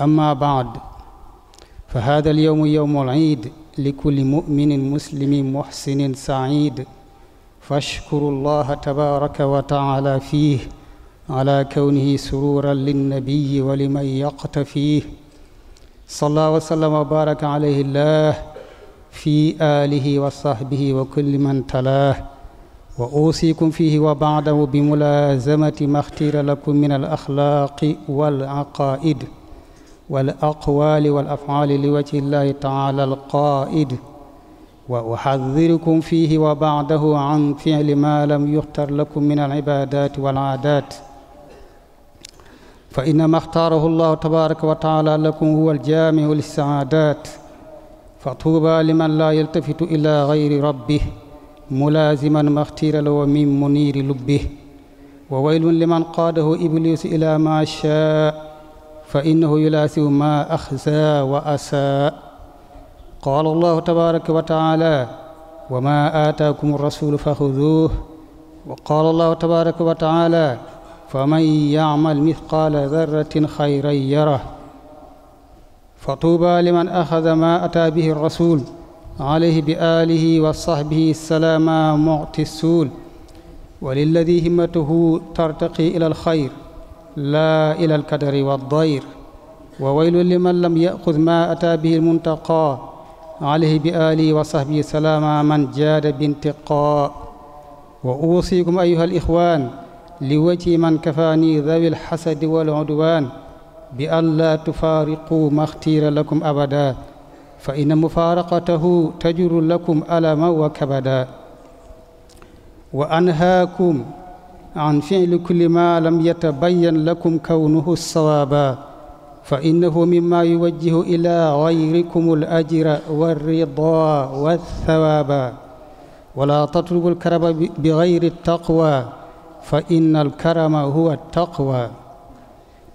أما بعد فهذا اليوم يوم العيد لكل مؤمن مسلم محسن سعيد فاشكروا الله تبارك وتعالى فيه على كونه سرورا للنبي ولمن يقتفيه صلى وسلم وبارك عليه الله في آله وصحبه وكل من تلاه وأوصيكم فيه وبعده بملازمة ما اختير لكم من الأخلاق والعقائد والأقوال والأفعال لوجه الله تعالى القائد وأحذركم فيه وبعده عن فعل ما لم يختر لكم من العبادات والعادات فإنما اختاره الله تبارك وتعالى لكم هو الجامع للسعادات فطوبى لمن لا يلتفت إلى غير ربه ملازما ما اختير له من منير لبه وويل لمن قاده إبليس إلى ما شاء fa innahu yulaasimu ma axsaa wa asaa qaala allahu tabaraka wa taala wa ma aataakum rasulu fa xuduuh wa qaala allahu tabaraka wa taala fa man yacmal mithqaala darratin xayran yarah fa tuuba liman axada ma ataa bihi rasul alayhi bi aalihi wa saxbihi salaama mucti suul wa lilladi himmatuhu tartaqi ila alxayr laa ila alkadari wa dayr wa waylu liman lam yaxud ma ataa bihi almuntaqa alayhi bi alihi wa sahbihi salaama man jaada bintiqa wa uusikum ayuha alixwan liwajhi man kafaani dawi alxasadi waludwan bi an laa tufaariquu maxtiira lakum abada fa inna mufaaraqatahu tajuru lakum alama wa kabada wa anhaakum an fi'li kulli ma lam yatabayyan lakum kawnuhu sawaaba fa innahu mimma yuwajjihu ila gayrikum al ajra walrida walthawaaba wala tatlubu alkarama bi gayri taqwa fa inna alkarama huwa taqwa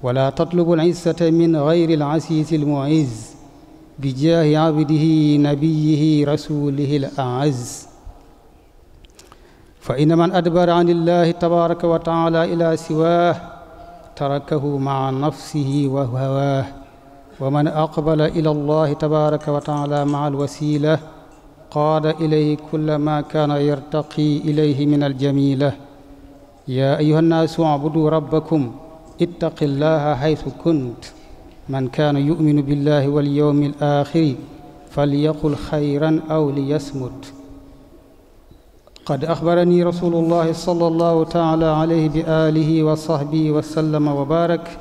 wala tatlubu alizzata min gayri alasiisi almuizz bi jaahi abdihi nabiyihi rasulihi al aaz fa inna man adbara an illahi tabaraka wa taala ila siwaah tarakahu maa nafsihi wa hawaah wa man aqbala ila allahi tabaraka wa taala maa alwasila qaada ilayhi kulla ma kaana yartaqi ilayhi min aljamila yaa ayuha nnaasu abudu rabbakum ittaqi llaha haytu kunt man kaana yuminu billahi walyowmi alaaxiri falyaqul xayran aw liyasmut قد أخبرني رسول الله صلى الله تعالى عليه بآله وصحبه وسلم وبارك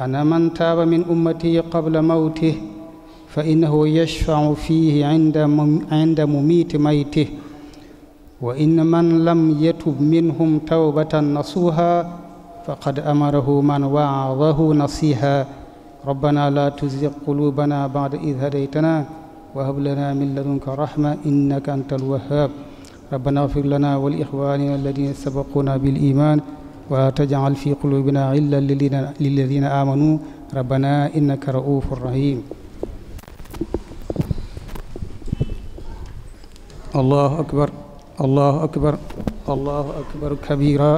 أن من تاب من أمتي قبل موته فإنه يشفع فيه عند عند مميت ميته وإن من لم يتب منهم توبة نصوها فقد أمره من وعظه نصيها ربنا لا تزغ قلوبنا بعد إذ هديتنا وهب لنا من لدنك رحمة إنك أنت الوهاب rabbana ighfir lana wa li ikhwanina alladina sabaquna bil iman wa taj'al fi qulubina ghillan lilladina amanu rabbana innaka ra'ufur rahim allahu akbar allahu akbar allahu akbar kabira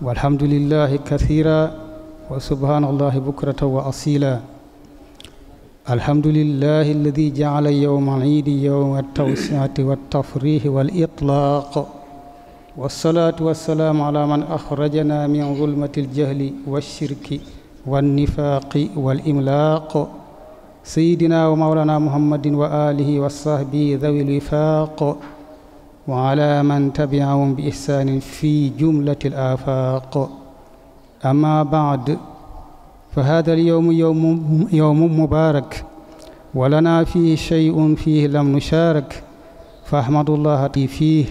walhamdulillahi kathira wa subhanallahi bukratan wa asila الحمد لله الذي جعل يوم العيد يوم التوسعة والتفريح والإطلاق والصلاة والسلام على من أخرجنا من ظلمة الجهل والشرك والنفاق والإملاق سيدنا ومولانا محمد وآله وصحبه ذوي الوفاق وعلى من تبعهم بإحسان في جملة الآفاق أما بعد فهذا اليوم يوم, يوم مبارك ولنا فيه شيء فيه لم نشارك فأحمد الله فيه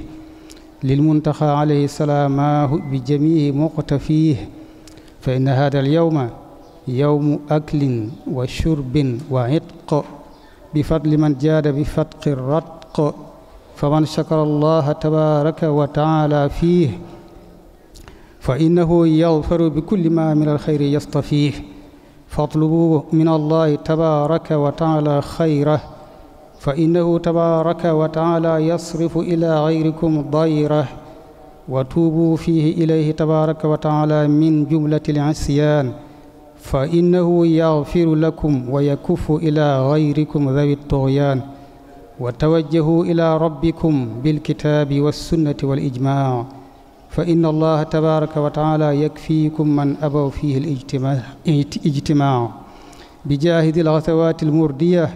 للمنتخى عليه السلام بجميع مقتفيه فإن هذا اليوم يوم أكل وشرب وعتق بفضل من جاد بفتق الرتق فمن شكر الله تبارك وتعالى فيه فإنه يغفر بكل ما من الخير يصطفيه فاطلبوه من الله تبارك وتعالى خيره فإنه تبارك وتعالى يصرف إلى غيركم ضيره وتوبوا فيه إليه تبارك وتعالى من جملة العصيان فإنه يغفر لكم ويكف إلى غيركم ذوي الطغيان وتوجهوا إلى ربكم بالكتاب والسنة والإجماع fa inna allaha tabaraka wa taala yakfiikum man abaw fihi al-ijtimaa bi jaahidi al-ghazawaati al-murdiya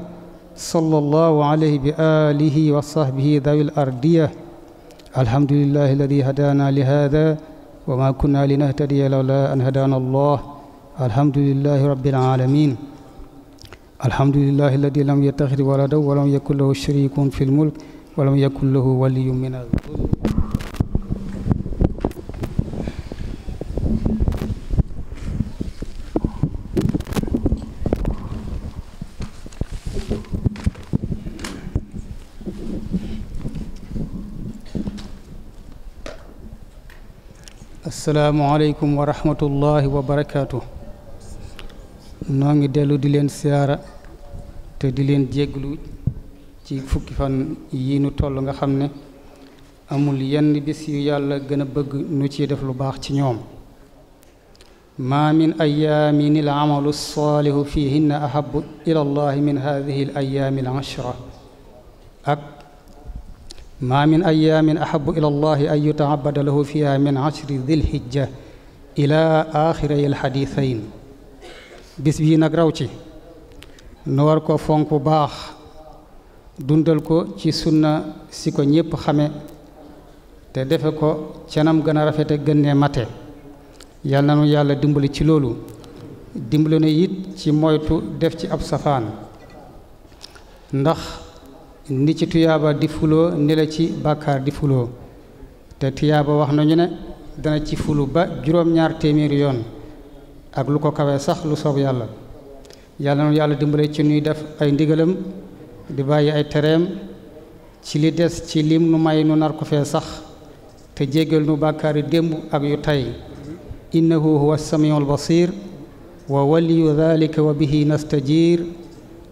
sallallahu alayhi bi alihi wa sahbihi dawi al-ardiya alhamdulillahi alladi hadaana li haada wa ma kunna linahtadiya lawla an hadaana allah alhamdulillahi rabbil alamin alhamdulillahi alladi lam yattakhid walada wa lam yakun lahu sharikun fil mulk wa lam yakun lahu waliyyun min adh-dhulm asalaamualeykum wa rahmatullahi wa barakaatu. noo ngi dellu di leen siyaara te di leen jégglu ci fukki fan yi nu toll nga xam ne amul yenn bis yu yàlla gën a bëgg nu ci def lu baax ci ñoom maa min ayaamin al amalu saalihu fihinna ahabu ila allahi min hadihi ayaami al ashra ak maa min ayaamin ahabu ila allahi an yutaabada lahu fiha min ashri dilhijja ila axiray alxadisayn bis bii nag raw ci nu war ko fonk bu baax dundal ko ci sunna si ko ñépp xame te defe ko canam gën a rafete gën ne mate yal na yàlla dimbali ci loolu dimbali na it ci moytu def ci ab safaan ndax ni ci tuyaaba di fuloo ni ci bàkkaar di fuloo te tuyaaba wax nañu ne dana ci fulu ba juróom-ñaar téeméeri yoon ak lu ko kawee sax lu soob yàlla yàlla noonu yàlla dimbale ci nuy def ay ndigalam di bàyyi ay tereem ci li des ci lim nu may nu nar ko sax te jéggal nu bàkkaari démb ak yu tey innahu huwa samiul basir wa waliyu dalika wa bihi nastajiir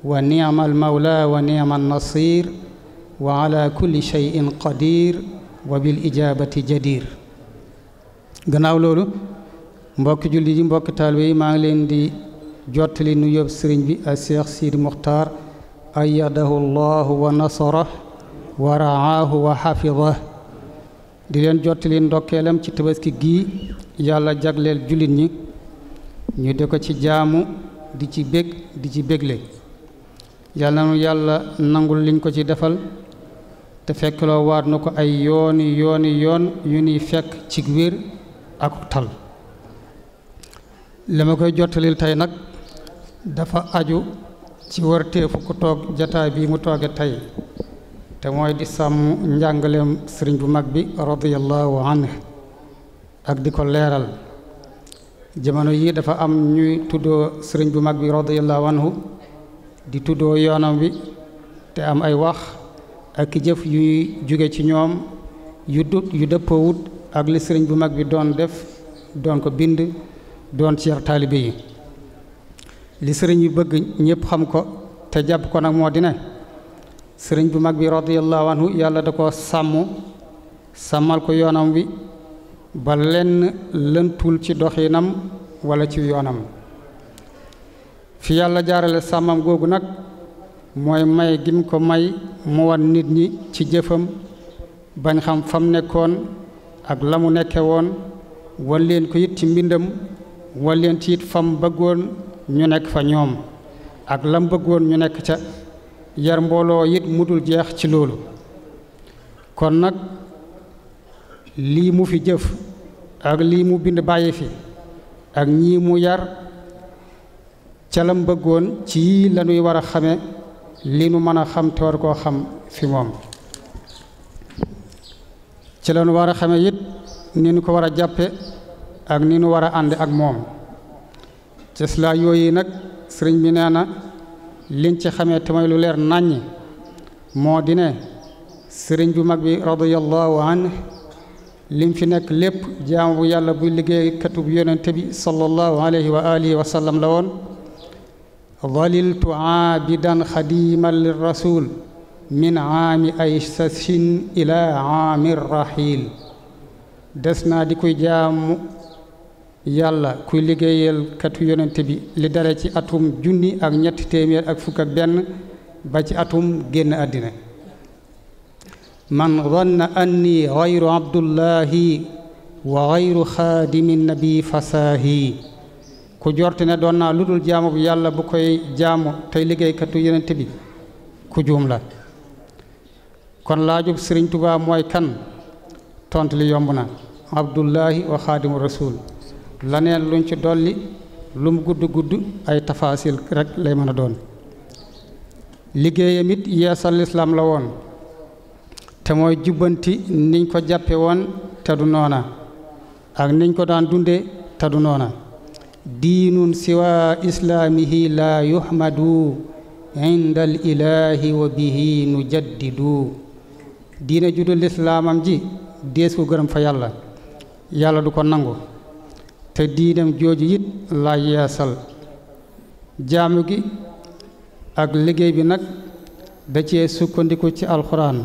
wa niama almawla wa niama alnasir wa ala kulli cheyin qadir wa bil ijabati jadir gannaaw loolu mbokki julli yi mbokki taalibe yi maa ngi leen di jottali nu yób sëriñ bi a cheikh sidi muxtaar ayadahu llahu wa nasarah wa raahu wa xafidah di leen jottali ndokkeelam ci tabaski gii yàlla jagleel jullit ñi ñu di ko ci jaamu di ci bég di ci bégle yàlla na yàlla nangul liñ ko ci defal te fekkloo waat na ko ay yooni yooni yoon yu nuy fekk ci wér ak tal li koy jottalil tey nag dafa aju ci warteefu ku toog jataay bi mu tooge tey te mooy di sàmm njàngaleem sëriñ bu mag bi radiyallahu anhu ak di ko leeral jamono yii dafa am ñuy tuddoo sëriñ bu mag bi radiyallahu anhu di tuddoo yoonam wi te am ay wax ak jëf yuy jóge ci ñoom yu dut yu dëppoowut ak li sëriñ bu mag bi doon def doon ko bind doon ci yar taalibe yi li sëriñ bi bëgg ñëpp xam ko te jàpp ko nag moo di ne sëriñ bu mag bi radiyallahu anhu yàlla da ko sàmm sàmmal ko yoonam wi ba lenn lëntul ci doxinam wala ci yoonam fi yàlla jaarale sàmmam googu nag mooy may gim ko may mu wan nit ñi ci jëfam bañ xam fam nekkoon ak la mu nekke woon wan leen ko it ci mbindam walleen leen ci it fam bëggoon ñu nekk fa ñoom ak lam bëggoon ñu nekk ca yar mbooloo it mudul jeex ci loolu kon nag lii mu fi jëf ak lii mu bind bàyyi fi ak ñii mu yar ca lam bëggoon ci la ñuy war a xame li nu mën a xam te war koo xam fi moom ci la nu war a xame it ni nu ko war a jàppe ak ni nu war a ànd ak moom cëslaa yooyu nag sëriñ bi nee na liñ ci xamee te mooy lu leer nàññ moo di ne sëriñ bu mag bi radiyallahu an lim fi nekk lépp jaamu bu yàlla buy liggéey katub yonente bi sallallahu alayhi wa alihi wa sallam la woon ظللت عابدا خديما للرسول من عام أيسس إلى عام الرحيل des naa di kuy jaamu yàlla kuy liggéeyal katu yonent bi li dale ci atum junni ak ñetti téeméer ak fukk ak benn ba ci atum génn àddina man zanna anni gayru abdullahi wa gayru xaadimi nabi fasaahi ku jorte ne doon naa lu dul jaamu bu yàlla bu koy jaamu tey liggéeykatu yonent bi ku juum la kon laajub sëriñ tubaab mooy kan tont li yomb na abdullahi wa xaadimu rasul laneen luñ ci dolli lu mu gudd gudd ay tafaasil rek lay mën a doon liggéeyam it yeesal lislaam la woon te mooy jubbanti niñ ko jàppe woon te du noona ak niñ ko daan dunde te du noona diinun siwa islaamihi laa yuhmadu inda ilaahi wa bihi jaddidu diine ju lislaamam ji dees ko gërëm fa yàlla yàlla du ko nangu te diinam jooju it laa yeesal jaamu gi ak liggéey bi nag da cee sukkandiku ci alxuraan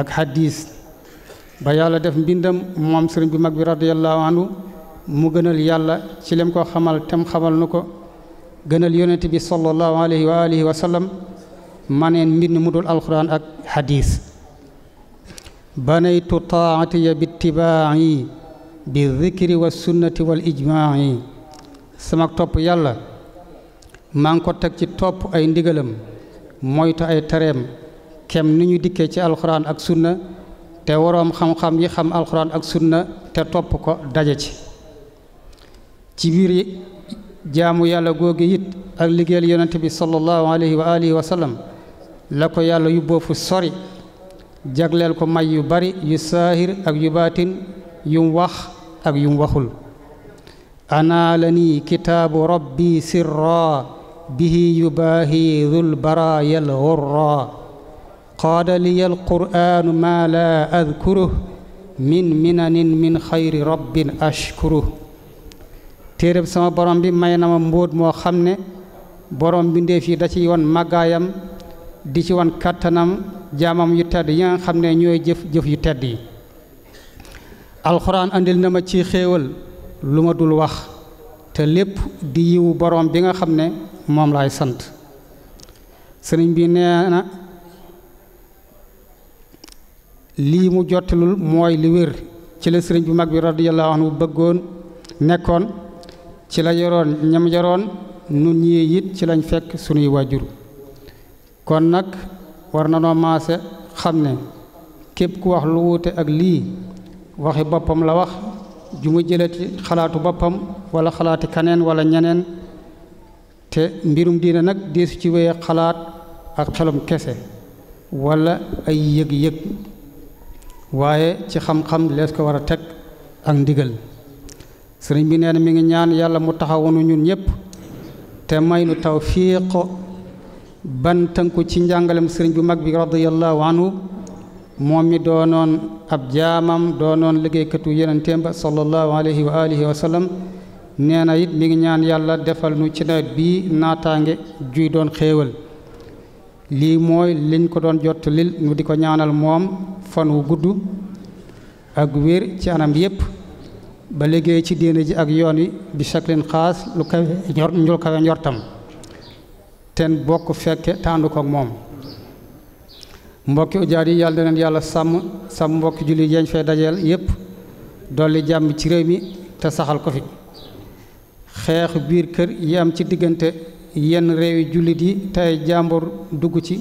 ak xadiis ba yàlla def mbindam moom sëriñ bu mag bi radiyallahu anhu mu gënal yàlla ci lem ko xamal tem xamal nu ko gënal yonent bi sallallahu alayhi wa alihi wa sallam maneen mbind mu dul alxuraan ak xadiis banaytu taatiya bittibaayi bi zikri wa sunnati wal ijmaayi sama topp yàlla maa ngi ko teg ci topp ay ndigalam moytu ay tereem kem ni ñu dikkee ci alxuraan ak sunna te woroom xam-xam yi xam alquran ak sunna te topp ko daje ci ci biir jaamu yàlla googu it ak liggéeyal yonent bi sallallahu alayhi wa alihi wa sallam la ko yàlla yubboo fu sori jagleel ko may yu bari yu saahir ak yu baatin yum wax ak yum waxul anaalani kitaabu rabbi sirra bihi yubaahi dhul baraaya al qaada liya alqur'aanu maa laa adkuruh min minanin min xayri rabbin ashkuruh téeréb sama borom bi may na ma mbóot moo xam ne borom mbindeef yi da ci won màggaayam di ci won kattanam jaamam yu tedd yi nga xam ne ñooy jëf jëf yu tedd yi alxuraan andil na ma ci xéewal lu ma dul wax te lépp di yiwu boroom bi nga xam ne moom laay sant sëriñ bi nee na lii mu jottalul mooy li wér ci la sëriñ bu mag bi radiyallahu bëggoon nekkoon ci la yoroon ñam yoroon nun ñii it ci lañ fekk sunuy waajur kon nag war na noo maase xam ne képp ku wax lu wuute ak lii waxi boppam la wax ju mu jëlati xalaatu boppam wala xalaati kaneen wala ñeneen te mbirum diina nag deesu ci wéye xalaat ak xelum kese wala ay yëg-yëg waaye ci xam-xam lees ko war a teg ak ndigal sëriñ bi nee na mi ngi ñaan yàlla mu taxawunu ñun ñëpp te may nu tawfiq ban tënku ci njàngalem sëriñ bu mag bi radiyallahu anhu moom mi doonoon ab jaamam doonoon liggéeykatu yenenteem ba sallallahu alayhi wa alihi wa sallam nee na mi ngi ñaan yàlla defal nu ci nawet bii naataange juy doon xéewal lii mooy liñ ko doon jottalil nu di ko ñaanal moom fan wu gudd ak wér ci anam yépp ba liggéey ci diine ji ak yoon wi bi shaklin xaas lu kawe ñor njul kawe njortam ten bokk fekke tàndu koog moom mbokki ujaar yi yàlla na leen yàlla sàmm sàmm mbokki julli yeñ fay dajeel yépp dolli jàmm ci réew mi te saxal ko fi xeexu biir kër yi am ci diggante yenn réewi jullit yi tey jàmbur dugg ci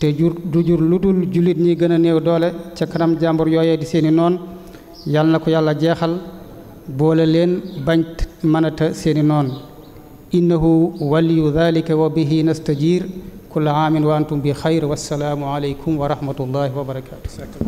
te jur du jur lu dul jullit ñi gën a néew doole ca kanam jàmbur yooyee di seeni noon yàlla na ko yàlla jeexal boole leen bañt mënata seeni noon innahu waliyu dalika wa bihi nastajir kulla aamin wa antum bi xayr wassalaamu aleykum wa rahmatullahi wa barakaatu